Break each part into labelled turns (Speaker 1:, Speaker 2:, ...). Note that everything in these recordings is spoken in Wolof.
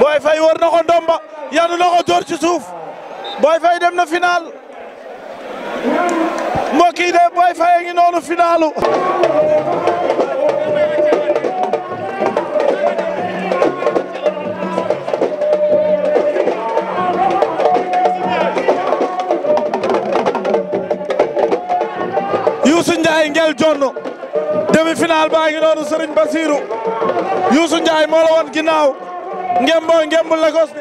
Speaker 1: Boy Faye war door ci suuf Boy Faye dem na final mbokk yi de Boy Faye a noonu finalu Youssou Ndiaye ngel jonn demi-finale baa ngi noonu Serigne Bassirou Youssou Ndiaye moo la woon ginnaaw ngem Lagos bi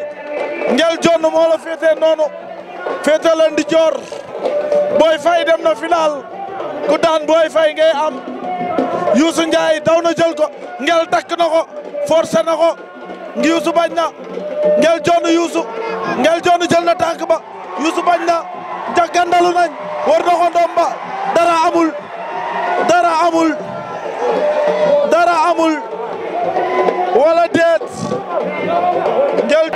Speaker 1: ngel jonn moo la noonu féete leen di joor Boy dem na final ku daan Boy Faye ngay am Youssou Ndiaye daw na jël ko ngel takk na ko forcé ngi Youssou bañ na ngel jonn Youssou ngel jonn jël na tànk ba Youssou bañ na jàkkandalu nañ war na ko ndomba dara amul dara amul dara amul wala déet ngel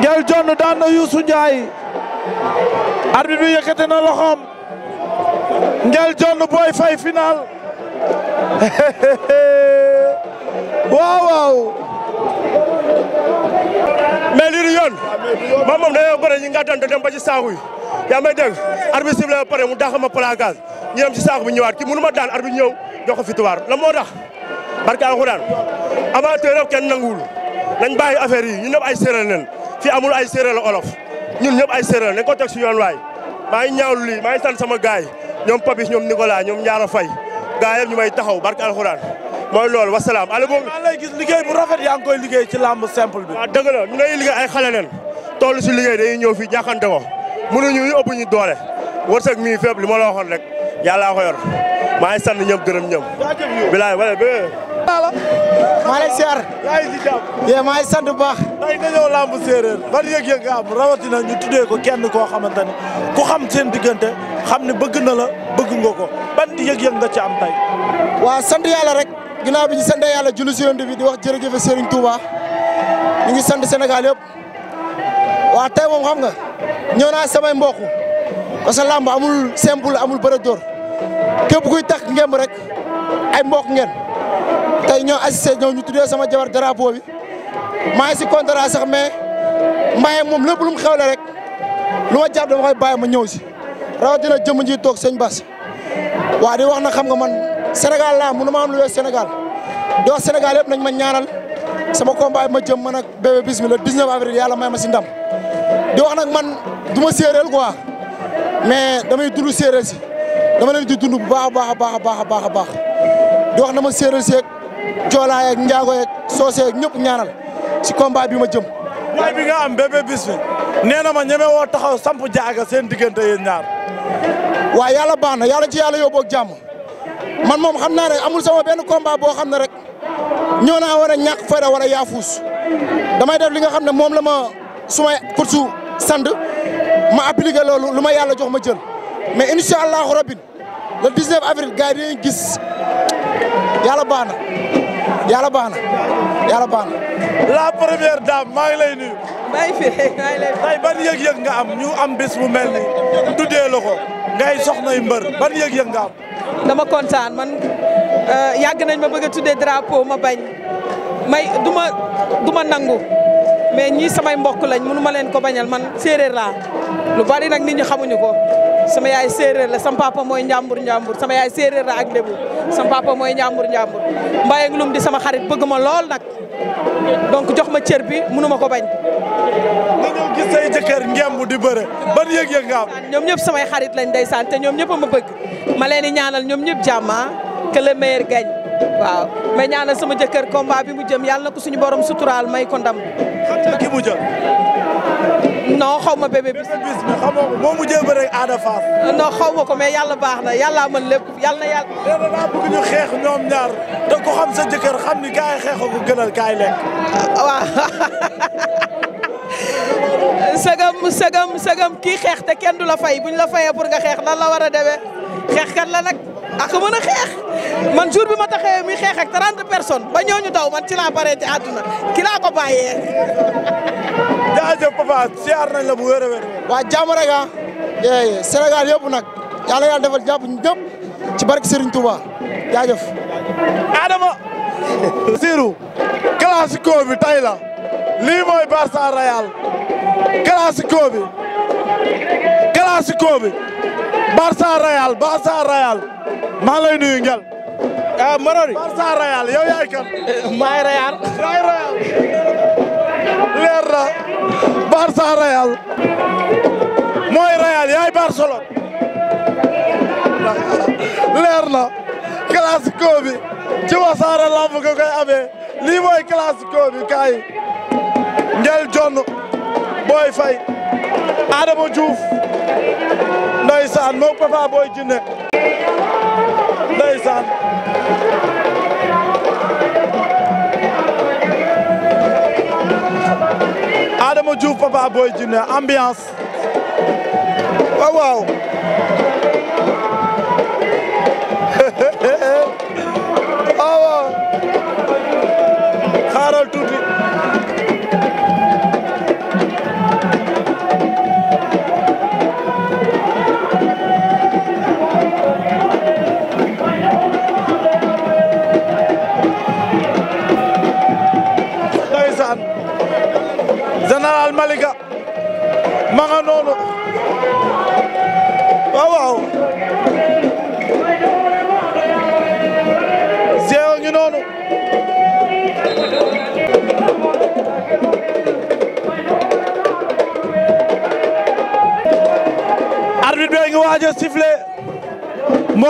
Speaker 1: ngel jonn daan na Youssou Ndiaye arbitre bi na loxoom ngel jonn booy fay final waaw waaw
Speaker 2: mais lii du yoon moom moom dañoo bëre ñu nga doon dem ba ci saaku yi yaa may dégg arbitre sifflé ba pare mu ma placage ñu dem ci saak bi ñëwaat ki mënu ma daan arbitre ñëw jox ko victoire la moo tax barke alxuraan amateur ak kenn nanguwul nañ bàyyi affaire yi ñu ñëpp ay séeréer leen fii amul ay séeréer la olof ñun ñëpp ay séeréer nañ ko teg si yoon waay maa ngi ñaawlu lii maa ngi sant sama gaay ñoom Papis ñoom Nicolas ñoom Ndiara Faye gaay yëpp ñu may taxaw barke alxuraan mooy loolu wasalaam ale boobu maa lay gis liggéey bu rafet yaa ngi koy liggéey ci lamb simple bi waaw dëgg la ñu lay liggéey ay xale leen ñëw fii ñàkkante ko mënuñu ñu ëpp ñu doole wërsëg mi fépp li ma la waxoon rek yàllaa ko yor maa sand sant gërëm ñëpp.
Speaker 1: bilaay wala ba. maa lay siyaar. yaa ngi si jàmm. yee maa ngi sant baax. tey nga ñëw séeréer ban yëg-yëg am rawatina ñu tuddee ko kenn koo xamante ne ku xam seen diggante xam ne bëgg na la bëgg nga ko ban
Speaker 3: yëg-yëg nga ci am tey. waa sant yàlla rek ginnaaw bi ñu sant yàlla julli si yonent bi di wax jërëjëf Serigne Touba ñu ngi sant Sénégal yëpp waa tey moom xam nga. ñëw naa samay mbokk parce làmb amul simple amul bëre dóor képp kuy tax ngemb rek ay mbokk ngeen tey ñoo assisté ñoo ñu tuddee sama jabar drapeau bi maa ngi si contrat sax mais mbaye moom lépp lu mu xewle rek lu ma jàpp baay ma ñëw si rawatina jëmm ji toog sëñ Bass waa di wax na xam nga man Sénégal laa mënu ma am lu wees Sénégal di Sénégal yëpp nañ ma ñaanal sama combat ma jëm man ak bébé bis mi le 19 avril yàlla may ma si ndam di wax nag man du ma séeréer quoi mais damay dund séeréer si dama leen di dund bu baax a baax a baax a baax a baax di wax na ma séeréer si yeeg joolaa yeeg njaago yeeg soose ñëpp ñaanal si combat bi ma jëm. waay bi nga am bébé bis bi nee na ma ñeme woo taxaw samp jaaga seen diggante yéen ñaar. waaw yàlla baax na yàlla ci yàlla yóbboo ak jàmm man moom xam naa rek amul sama benn combat boo xam ne rek ñoo naa war a ñàkk fayda a yaafuus damay def li nga xam ne moom la ma. su ma pour su sand ma appliqué lu ma yàlla jox ma jël mais incha allahu rabin le 19 avril gars yi dinañ gis yàlla baax yàlla baax na yàlla baax na. la première dame maa ngi lay nuyu. maa ngi fi maa ngi lay yëg-yëg nga
Speaker 1: am ñu am bés bu mel nii tuddee la ko ngay soxnay mbër ban yëg-yëg nga am.
Speaker 4: dama kontaan man euh, yàgg nañ ma bëgg a tuddee drapeau ma bañ may du du ma nangu. mais ñii samay mbokk lañ munu ma leen ko bañal man séeréer la lu bari nag nit ñi xamuñu ko sama yaay séeréer la sama papa mooy njàmbur njàmbur sama yaay séeréer la ak lébu mooy njàmbur njàmbur mbaye lum di sama xarit bëgg ma lool nag donc jox ma cër bi mënu ma ko bañ. nga ñëw gis say jëkkër ngemb di bëre ban yëg-yëg nga am. ñoom ñëpp samay xarit lañ ndeysaan te ñoom ñëpp ma bëgg ma leen di ñaanal ñoom ñëpp jàmm ah, que le meilleur waaw mais ñaanal sama jëkkër combat bi mu jëm yàlla na ko suñu borom suturaal may ko ndam. xam ki mu jëm. non xaw ma bébé
Speaker 1: bis. bébé bis ko moo mujjee ba aada faas. non xaw ko mais yàlla baax na yàlla mën lépp yàlla na yàlla. nee na daa ñu xeex ñoom ñaar te ko xam sa jëkkër xam ni gars yi xeexoo gënal gars yi ah,
Speaker 4: waaw. sagam sagam sagam kii xeex te kenn du la fay buñ la fayee pour nga xeex nan la war a demee xeexkat la nag ak mën a xeex man jour bi ma taxawee xeex ak 30 personnes ba ñooñu daw man ci laa paree ci
Speaker 3: àdduna ki laa ko bàyyee. jaajëf papa la bu wér a wér. waa jàmm rek ah. eh, nag yàlla yàlla defal jàpp ñëpp ci barke Serigne Touba jaajëf. Adama. Sirou
Speaker 1: classico bi tay lii mooy Barça Real classico bi classico bi Barça Real Barça Real maa lay nuyu ngel ah yaay kan maay Real maay mooy Real yaay Barcelone leer na classico bi ci Wassare Lamb nga koy amee lii mooy classico Ngel Jonn Boy Faye Adama Diouf ndeysaan moog Papa Boy Djiné ndeysaan Adama Diouf Papa Boy Djiné ambiance waaw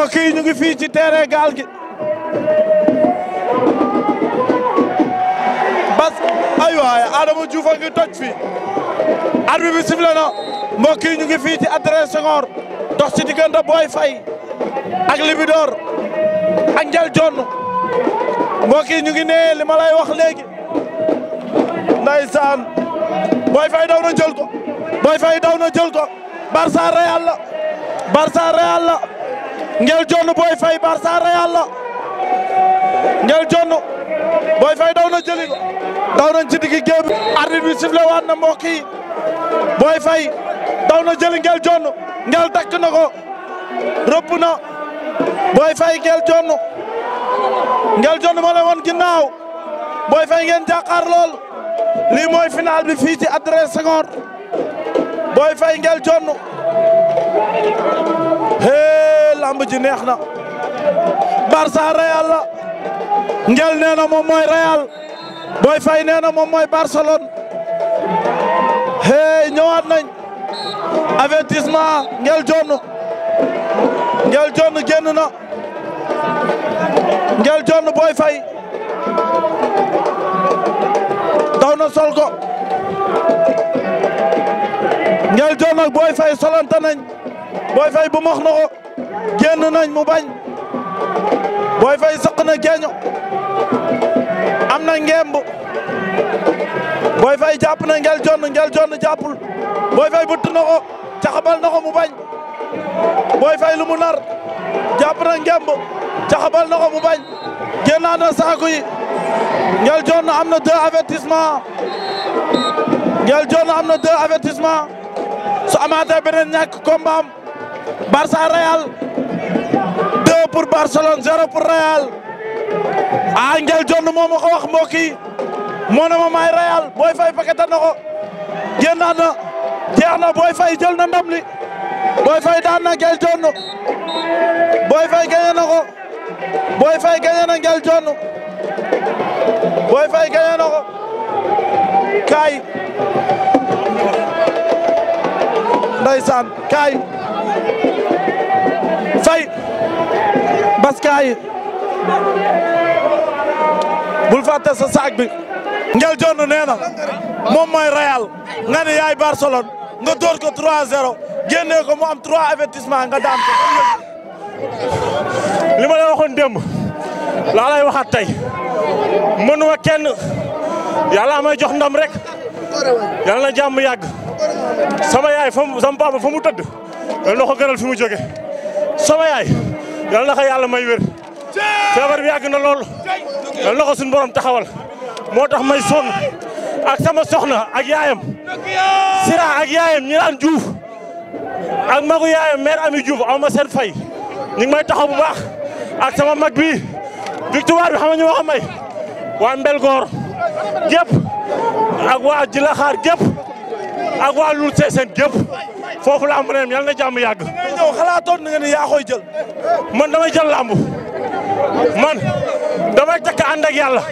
Speaker 1: ñu ngi fii ci terrain gaal gi bas ay waay Adama Diouf ngi toj fii arbitre bi sifflé na mbokk yi ñu ngi fii ci Adrien dox ci diggante Boy Faye ak Libidor ak Ndial Jonn mbokk yi ñu ngi nee li ma lay wax léegi ndeysaan Boy daw na jël ko Boy Faye daw na jël ko Barça Real la Barça Real la ngel jonn Boy Faye Barça Real la ngel jonn Boy Faye daw na jëli ko daw nañ ci digg géew ngel jonn ngel dakk na ko rëpp na ngel jonn ngel jonn ma la ginnaaw Boy Faye ngeen jàkkaar lool final bi fii ci Adrien Senghor Boy ngel jonn a ji neex na Barça Real la Ngel nee na moom mooy Real Boy Faye nee moom mooy Barcelone hey ñëwaat nañ avertissement Ngel Jonn Ngel Jonn génn na Ngel Jonn Boy daw na sol ko Ngel Jonn ak Boy Faye nañ Boy Faye bu na ko génn nañ mu bañ Boy Faye sëq na geeño am na ngemb Boy Faye jàpp na ngel jonn ngel jonn jàppul Boy Faye bëtt na ko caxabal na ko mu bañ Boy Faye lu mu nar jàpp na ngemb caxabal na ko mu bañ génnaat na saaku yi ngel am na deux avertissement ngel jonn am na deux avertissement su amaatee beneen ñàkk combat pour Barcelone zéro pour Real ah Ngel John moo ma ko wax mbokk yi moo ma maay Real Boy Faye paqueté na ko génnaat na jeex na Boy Faye jël na ndam li Boy Faye daan Ngel John Boy Faye gagné Ngel John Boy Faye gagné na kaay ndeysaan Baskaay bul fàtte sa saak bi Ngel Jonn nee na moom mooy Real nga ne yaay Barcelone nga dóor ko
Speaker 2: 3-0 génnee ko mu am 3 avertissement nga daan ko. li ma la waxoon démb laa lay waxaat tey mënuma kenn yàlla may jox ndam rek yàlla na jàmm yàgg sama yaay fa mu sama papa fa mu tëdd. loolu ko gënal fi mu jóge sama yaay. yal na ko yàlla may wér feebar bi yàgg na lool yal na ko suñu taxawal moo tax may soon ak sama soxna ak yaayam sira ak yaayam ñi daan juuf ak magu yaayam mère ami juuf aw ma seen fay ñu may taxaw bu baax ak sama mag bi victoire bi xam nga ñu wax may waa Mbelgoor gépp ak waa Jilaxaar gépp ak waa Loul Sessène gépp foofu laa mën a yal na jàmm yàgg ñëw xalaatoon na nga ne jël man damay jël làmb man damay takk ànd ak yàlla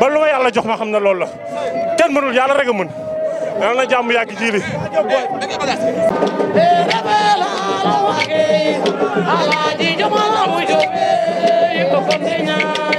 Speaker 2: ba lu yàlla jox ma xam ne loolu la kenn mënul yàlla rek a mën yal na jàmm yàgg ji li
Speaker 5: ala di jomala mu jobe ko kon ñaan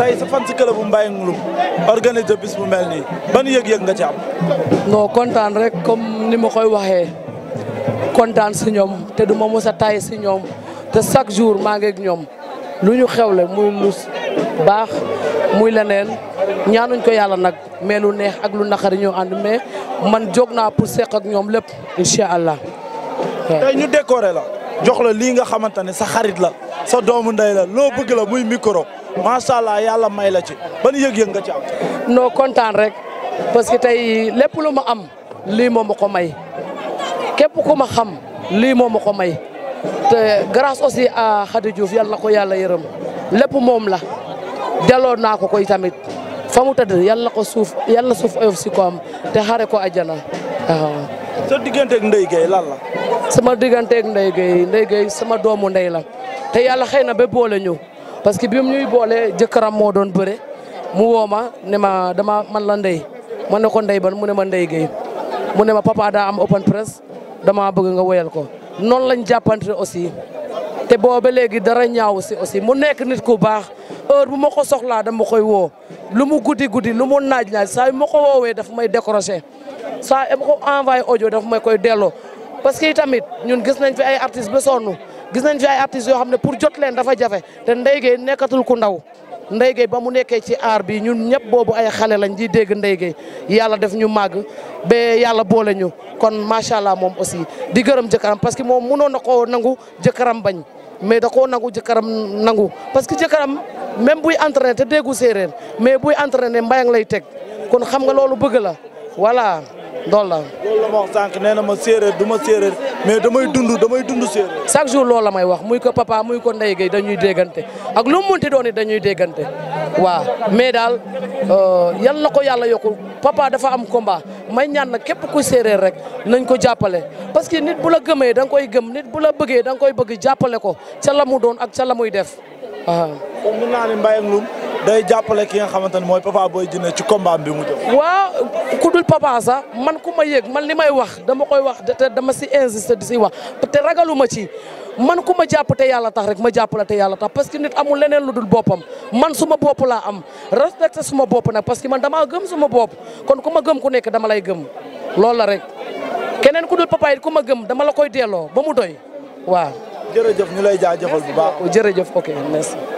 Speaker 1: tey sa fan si club bu Mbaye Ngouloum organiser bis bu mel nii ban yëg-yëg nga ci am.
Speaker 5: non kontaan rek comme ni ma koy waxee kontaan si ñoom te du ma mos a tay si ñoom te chaque jour maa ngi ak ñoom lu ñu xew le muy lu baax muy leneen ñaan ñaanuñ ko yàlla nag mais lu neex ak lu naqari ñoo ànd mais man jóg naa pour seq ak ñoom lépp incha allah.
Speaker 1: tey ñu décoré la jox la lii nga xamante ne sa xarit la sa doom ndey la loo bëgg la muy micro. macha allah yàlla may la ci ban yëg-yëg
Speaker 5: nga ci am. non kontaan rek parce que tey lépp lu ma am lii moo ma may képp ku ma xam lii moo ma ko may te grâce aussi à Khady yàlla ko yàlla yërëm lépp moom la delloo naa ko koy tamit fa mu tëdd yàlla na ko suuf yàlla na suuf oyof si am te xare ko àjjana waaw. sa digganteeg Ndeye Gueye lan la. sama digganteeg Ndeye Gueye sama doomu ndey la te yàlla xëy na ba boole ñu. parce que bi mu ñuy boole jëkkëram moo doon bëre mu woo ma ne ma dama man la ndey man ne ko ndey ban mu ne ma ndey gay mu ne ma papa daa am open press dama bëgg nga woyal ko noonu lañ jàppante aussi te booba léegi dara ñaaw si aussi mu nekk nit ku baax heure bu ma ko soxlaa dama koy woo lu mu guddi guddi lu mu naaj naaj saa yu ma ko woowee dafa may décroché saa yu ma ko envoyé audio daf may koy delloo parce que itamit ñun gis nañ fi ay artistes ba sonn gis nañ fi ay artistes yoo xam ne pour jot leen dafa jafe te Ndeye Gueye nekkatul ku ndaw Ndeye Gueye ba mu nekkee ci aar bi ñun ñëpp boobu ay xale lañ di dégg Ndeye Gueye yàlla def ñu màgg ba yàlla boole ñu kon macha allah moom aussi di gërëm jëkkëram parce que moom mënoon na koo nangu jëkkëram bañ mais da koo nangu jëkkëram parce que jëkkëram même buy entraîné te déggu séeréer mais buy entraîné mbayang lay teg kon xam nga loolu bëgg la voilà loolu la.
Speaker 1: loolu la ma ma séeréer du ma séeréer mais damay dund damay dund séeréer.
Speaker 5: chaque jour loolu la may wax muy ko papa muy ko ndey gay dañuy déggante ak lu mu munti doon dañuy déggante waaw mais daal euh, yal na ko yàlla yokku papa dafa am combat may ñaan na képp ku séeréer rek nañ ko jàppale. parce que nit bu la gëmee da koy gëm nit bu la bëggee da koy bëgg jàppale ko ca la mu doon ak ca la muy def waaw. Ah. kon mun
Speaker 1: day jàppale ki nga xamante ne mooy Papa Boy Djiné ci combat bi mu jëm.
Speaker 5: waaw ku dul papa sax man ku ma yëg man li may wax dama koy wax te dama si insiste di si wax te ragaluma ci man ku ma jàpp te yàlla tax rek ma jàppale te yàlla tax parce que nit amul leneen lu dul boppam man suma bopp laa am respecté suma bopp nag parce que man damaa gëm suma bopp kon ku ma gëm ku nekk dama lay gëm loolu la rek keneen ku dul papa ku ma gëm dama la koy delloo ba mu doy waaw. jërëjëf ñu lay jaajëfal bu baax. jërëjëf ok